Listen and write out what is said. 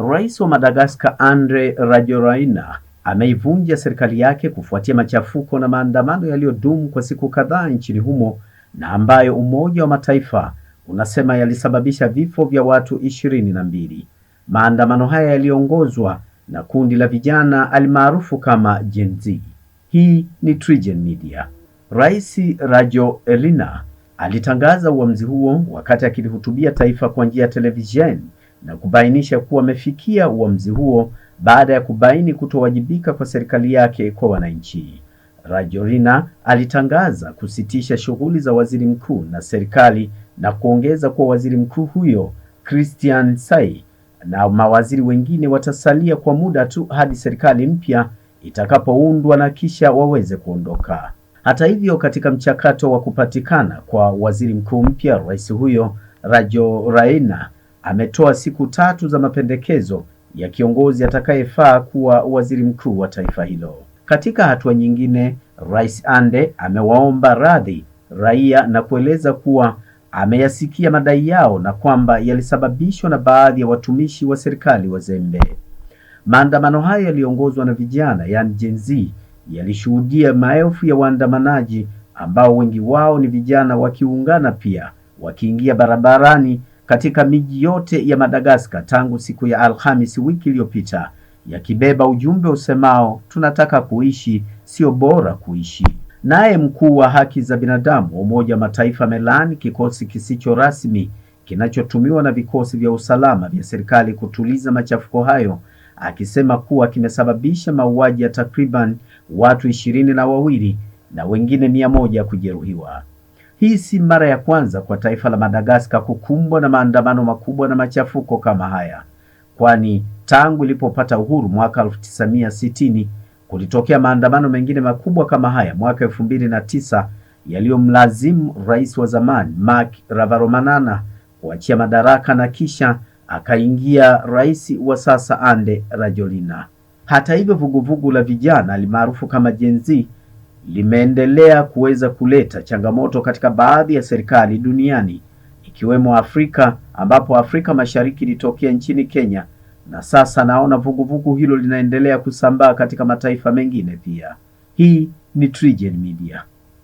Rais wa Madagascar Andre Rajoelina ameivunja serikali yake kufuatia machafuko na maandamano yaliyodumu kwa siku kadhaa nchini humo na ambayo Umoja wa Mataifa unasema yalisababisha vifo vya watu ishirini na mbili. Maandamano haya yaliongozwa na kundi la vijana alimaarufu kama Gen Z. Hii ni TriGen Media. Rais Rajoelina alitangaza uamuzi huo wakati akilihutubia taifa kwa njia ya televisheni na kubainisha kuwa amefikia uamuzi huo baada ya kubaini kutowajibika kwa serikali yake kwa wananchi. Rajorina alitangaza kusitisha shughuli za waziri mkuu na serikali na kuongeza kuwa waziri mkuu huyo Christian Sai na mawaziri wengine watasalia kwa muda tu hadi serikali mpya itakapoundwa na kisha waweze kuondoka. Hata hivyo, katika mchakato wa kupatikana kwa waziri mkuu mpya, rais huyo Rajoelina ametoa siku tatu za mapendekezo ya kiongozi atakayefaa kuwa waziri mkuu wa taifa hilo. Katika hatua nyingine, Rais Ande amewaomba radhi raia na kueleza kuwa ameyasikia madai yao na kwamba yalisababishwa na baadhi ya watumishi wa serikali wazembe. Maandamano hayo yaliongozwa na vijana, yani Gen Z, yalishuhudia maelfu ya waandamanaji ambao wengi wao ni vijana wakiungana pia wakiingia barabarani katika miji yote ya Madagascar tangu siku ya Alhamisi wiki iliyopita, yakibeba ujumbe usemao tunataka kuishi, sio bora kuishi. Naye mkuu wa haki za binadamu wa Umoja wa Mataifa amelaani kikosi kisicho rasmi kinachotumiwa na vikosi vya usalama vya serikali kutuliza machafuko hayo, akisema kuwa kimesababisha mauaji ya takriban watu ishirini na wawili na wengine mia moja kujeruhiwa. Hii si mara ya kwanza kwa taifa la Madagascar kukumbwa na maandamano makubwa na machafuko kama haya, kwani tangu ilipopata uhuru mwaka 1960 kulitokea maandamano mengine makubwa kama haya mwaka 2009 yaliyomlazimu rais wa zamani Marc Ravalomanana kuachia madaraka na kisha akaingia rais wa sasa Ande Rajolina. Hata hivyo, vuguvugu la vijana alimaarufu kama Gen Z limeendelea kuweza kuleta changamoto katika baadhi ya serikali duniani ikiwemo Afrika, ambapo Afrika Mashariki ilitokea nchini Kenya na sasa naona vuguvugu hilo linaendelea kusambaa katika mataifa mengine pia. Hii ni TriGen Media.